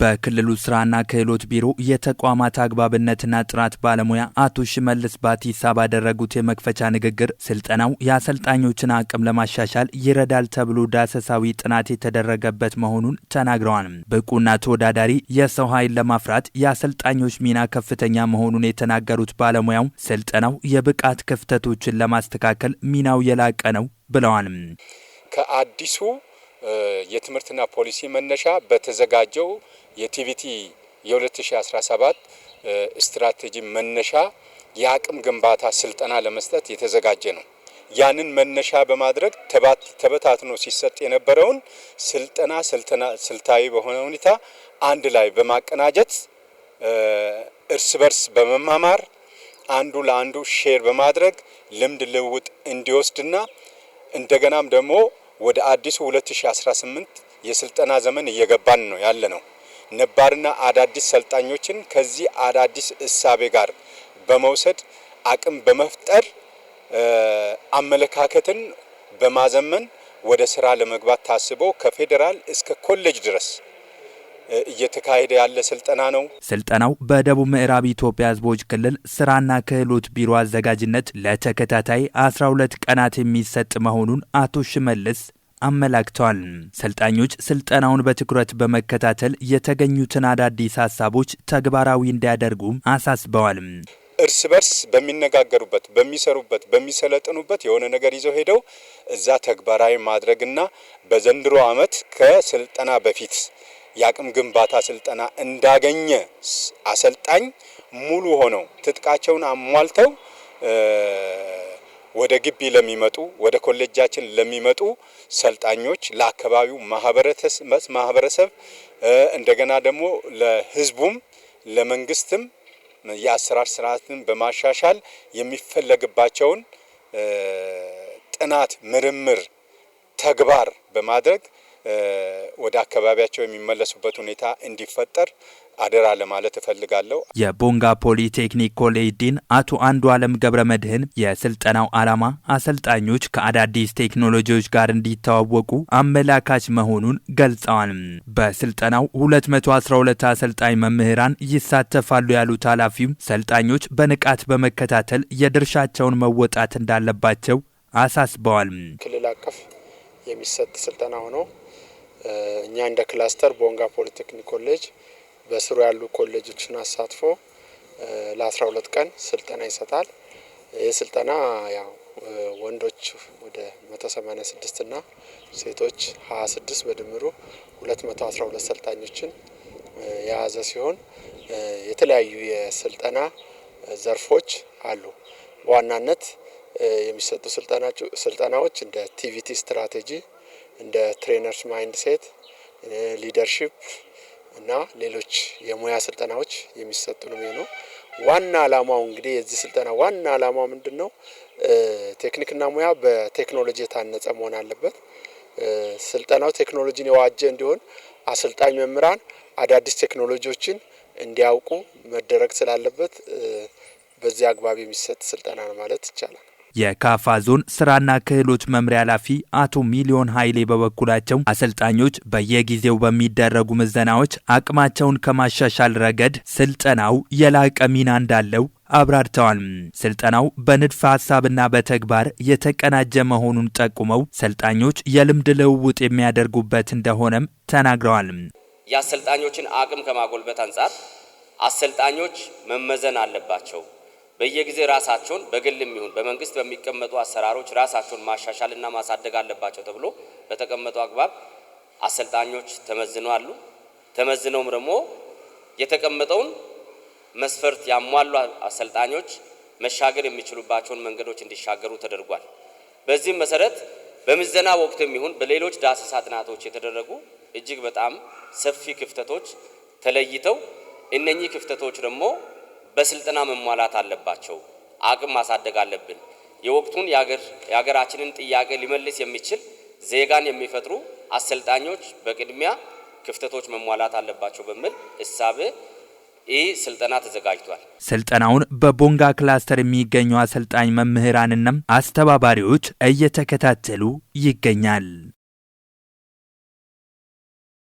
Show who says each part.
Speaker 1: በክልሉ ስራና ክህሎት ቢሮ የተቋማት አግባብነትና ጥራት ባለሙያ አቶ ሽመልስ ባቲሳ ባደረጉት የመክፈቻ ንግግር ስልጠናው የአሰልጣኞችን አቅም ለማሻሻል ይረዳል ተብሎ ዳሰሳዊ ጥናት የተደረገበት መሆኑን ተናግረዋል። ብቁና ተወዳዳሪ የሰው ኃይል ለማፍራት የአሰልጣኞች ሚና ከፍተኛ መሆኑን የተናገሩት ባለሙያው ስልጠናው የብቃት ክፍተቶችን ለማስተካከል ሚናው የላቀ ነው ብለዋል።
Speaker 2: ከአዲሱ የትምህርትና ፖሊሲ መነሻ በተዘጋጀው የቲቪቲ የ2017 ስትራቴጂ መነሻ የአቅም ግንባታ ስልጠና ለመስጠት የተዘጋጀ ነው። ያንን መነሻ በማድረግ ተበታትኖ ሲሰጥ የነበረውን ስልጠና ስልታዊ በሆነ ሁኔታ አንድ ላይ በማቀናጀት እርስ በርስ በመማማር አንዱ ለአንዱ ሼር በማድረግ ልምድ ልውውጥ እንዲወስድና እንደገናም ደግሞ ወደ አዲሱ 2018 የስልጠና ዘመን እየገባን ነው ያለ ነው። ነባርና አዳዲስ ሰልጣኞችን ከዚህ አዳዲስ እሳቤ ጋር በመውሰድ አቅም በመፍጠር አመለካከትን በማዘመን ወደ ስራ ለመግባት ታስቦ ከፌዴራል እስከ ኮሌጅ ድረስ እየተካሄደ ያለ ስልጠና ነው።
Speaker 1: ስልጠናው በደቡብ ምዕራብ ኢትዮጵያ ህዝቦች ክልል ስራና ክህሎት ቢሮ አዘጋጅነት ለተከታታይ 12 ቀናት የሚሰጥ መሆኑን አቶ ሽመልስ አመላክተዋል። ሰልጣኞች ስልጠናውን በትኩረት በመከታተል የተገኙትን አዳዲስ ሀሳቦች ተግባራዊ እንዲያደርጉም አሳስበዋል።
Speaker 2: እርስ በርስ በሚነጋገሩበት፣ በሚሰሩበት፣ በሚሰለጥኑበት የሆነ ነገር ይዘው ሄደው እዛ ተግባራዊ ማድረግና በዘንድሮ ዓመት ከስልጠና በፊት የአቅም ግንባታ ስልጠና እንዳገኘ አሰልጣኝ ሙሉ ሆነው ትጥቃቸውን አሟልተው ወደ ግቢ ለሚመጡ ወደ ኮሌጃችን ለሚመጡ ሰልጣኞች ለአካባቢው ማህበረሰብ እንደገና ደግሞ ለህዝቡም ለመንግስትም የአሰራር ስርዓትን በማሻሻል የሚፈለግባቸውን ጥናት፣ ምርምር፣ ተግባር በማድረግ ወደ አካባቢያቸው የሚመለሱበት ሁኔታ እንዲፈጠር አደራ ለማለት እፈልጋለሁ።
Speaker 1: የቦንጋ ፖሊቴክኒክ ኮሌጅ ዲን አቶ አንዱ አለም ገብረ መድህን የስልጠናው ዓላማ አሰልጣኞች ከአዳዲስ ቴክኖሎጂዎች ጋር እንዲተዋወቁ አመላካች መሆኑን ገልጸዋል። በስልጠናው 212 አሰልጣኝ መምህራን ይሳተፋሉ ያሉት ኃላፊው ሰልጣኞች በንቃት በመከታተል የድርሻቸውን መወጣት እንዳለባቸው አሳስበዋል።
Speaker 2: ክልል አቀፍ የሚሰጥ ስልጠና ሆኖ እኛ እንደ ክላስተር ቦንጋ ፖሊቴክኒክ ኮሌጅ በስሩ ያሉ ኮሌጆችን አሳትፎ ለአስራ ሁለት ቀን ስልጠና ይሰጣል። ይህ ስልጠና ያው ወንዶች ወደ 186 እና ሴቶች 26 በድምሩ 212 ሰልጣኞችን የያዘ ሲሆን የተለያዩ የስልጠና ዘርፎች አሉ። በዋናነት የሚሰጡ ስልጠናዎች እንደ ቲቪቲ ስትራቴጂ እንደ ትሬነርስ ማይንድ ሴት፣ ሊደርሽፕ እና ሌሎች የሙያ ስልጠናዎች የሚሰጡ ነው የሚሆነው። ዋና አላማው እንግዲህ የዚህ ስልጠና ዋና አላማው ምንድን ነው? ቴክኒክና ሙያ በቴክኖሎጂ የታነጸ መሆን አለበት። ስልጠናው ቴክኖሎጂን የዋጀ እንዲሆን አሰልጣኝ መምህራን አዳዲስ ቴክኖሎጂዎችን እንዲያውቁ መደረግ ስላለበት በዚህ አግባብ የሚሰጥ ስልጠና ነው ማለት ይቻላል።
Speaker 1: የካፋ ዞን ስራና ክህሎች መምሪያ ኃላፊ አቶ ሚሊዮን ኃይሌ በበኩላቸው አሰልጣኞች በየጊዜው በሚደረጉ ምዘናዎች አቅማቸውን ከማሻሻል ረገድ ስልጠናው የላቀ ሚና እንዳለው አብራርተዋል። ስልጠናው በንድፈ ሀሳብና በተግባር የተቀናጀ መሆኑን ጠቁመው ሰልጣኞች የልምድ ልውውጥ የሚያደርጉበት እንደሆነም ተናግረዋል።
Speaker 2: የአሰልጣኞችን አቅም ከማጎልበት አንጻር አሰልጣኞች መመዘን አለባቸው። በየጊዜ ራሳቸውን በግልም ይሁን በመንግስት በሚቀመጡ አሰራሮች ራሳቸውን ማሻሻልና ማሳደግ አለባቸው ተብሎ በተቀመጠው አግባብ አሰልጣኞች ተመዝነዋሉ። አሉ። ተመዝነውም ደግሞ የተቀመጠውን መስፈርት ያሟሉ አሰልጣኞች መሻገር የሚችሉባቸውን መንገዶች እንዲሻገሩ ተደርጓል። በዚህም መሰረት በምዘና ወቅትም ይሁን በሌሎች ዳሰሳ ጥናቶች የተደረጉ እጅግ በጣም ሰፊ ክፍተቶች ተለይተው እነኚህ ክፍተቶች ደግሞ በስልጠና መሟላት አለባቸው። አቅም ማሳደግ አለብን። የወቅቱን የሀገራችንን ጥያቄ ሊመልስ የሚችል ዜጋን የሚፈጥሩ አሰልጣኞች በቅድሚያ ክፍተቶች መሟላት አለባቸው በሚል እሳቤ ይህ ስልጠና ተዘጋጅቷል።
Speaker 1: ስልጠናውን በቦንጋ ክላስተር የሚገኙ አሰልጣኝ መምህራንና አስተባባሪዎች እየተከታተሉ ይገኛል።